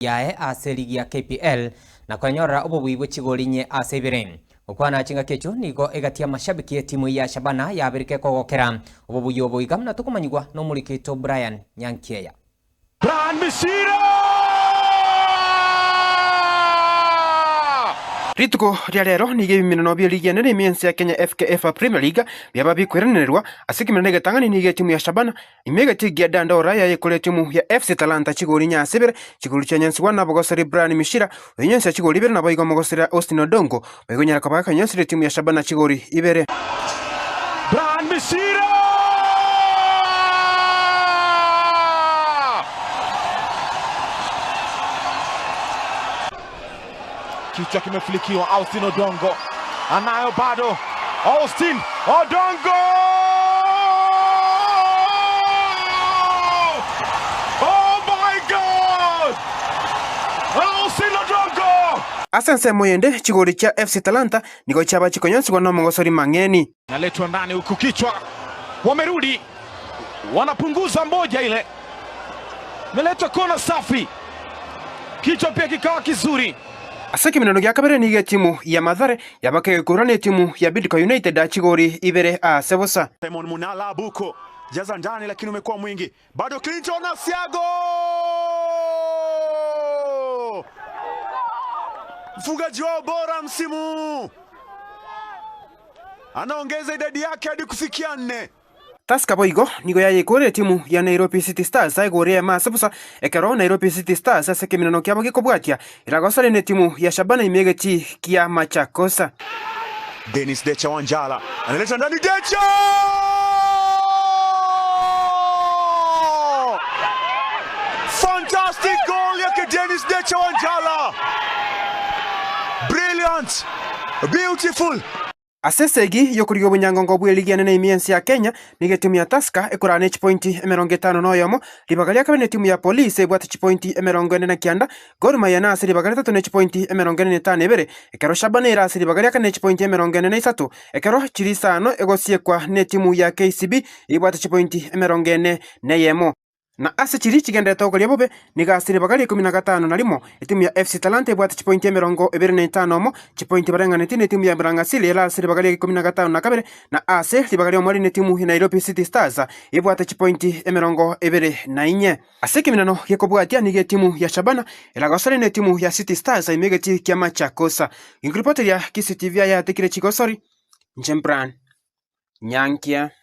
yae ase ligi ya KPL na kwenyorera obo buibu chigoli ase ukwa na chinga kecho niko egatia mashabiki timu ya Shabana yabirike kogokera obobuyi oboiga muna tokomanyigwa nomurikito Brian Nyankieya Brian Mishira rituko ria rero ni gimino no bioligya nere miensi ya Kenya FKF Premier League biaba byaba bikwiranirwa asikimino nege tangani ni ge timu ya Shabana imega tigia dandora ya ikole timu ya FC Talanta chigori nya sibere chigori cha nyansi wana bogoseri Brian Mishira wenyensi ya chigori ibere na boigo mogoseri Austin Odongo boigo nyara kabaka nyansi timu ya Shabana chigori ibere Brian Mishira kichwa kimeflikiwa. Austin Odongo anayo bado. Austin Odongo! Oh my God! Austin Odongo! Asense moyende chigori cha FC Talanta niko chaba chikonyonsi kwa nomo gosori mang'eni. Naletwa ndani huku kichwa. Wamerudi. Wanapunguza moja ile. Meletwa kona safi. Kichwa pia kikawa kizuri asekeminano gä kabere nä gä timu ya mathare yamakegekorwa nä timu ya bidco united achigori ibere a sevosa simon munala buko jaza ndani lakini umekuwa mwingi bado clinton siago mfungaji wao bora msimu anaongeza idadi yake hadi kufikia nne tascapa oiko niko yayikũũrire timu ya nairobi city stars aikũũrĩe maasipusa ekero nairobi city stars ase kĩminano kĩava gĩkũbwatya ĩragosorene timu ya shabana imĩgĩti kĩa machakosa denis decha wanjala analeta ndani decha fantastic goal yake denis decha wanjala brilliant beautiful Asesegi yokuria obonyango ng'obwa erigi anene imiensi ya Kenya niga etimu ya Tusker ekora na echipointi emerongo etano na oyomo ribaga riakabere na etimu ya Police ebwate chipointi emerongo ene na kianda Gor Mahia na ase ribaga ritatu na echipointi emerongo ene na etano ebere ekero Shabana ere ase ribaga riakane na echipointi emerongo ene na isato ekero chirisano isano egosiekwa na etimu ya KCB eribwate chipointi emerongo ene na eyemo na ase chirichi gende toko etogoria bobe ni gasi ni bagali ikumi na gatano na limo etimu ya fc Talante ibwate chipointi ya mirongo ebiri na itano omo chipointi bareng'aneti na etimu ya sili murang'asili erasire bagari ya ikumi na gatano na kabere na ase ribagari omwari ni etimu ya nairobi city stars ibwate chipointi ya mirongo ebiri na inye ase ekeminano gekobwatia ni etimu ya shabana eragosore ni etimu ya city stars ya aimegeti kia macha kosa ya kisi tv ya ayatekire chikosori nchembran nyankia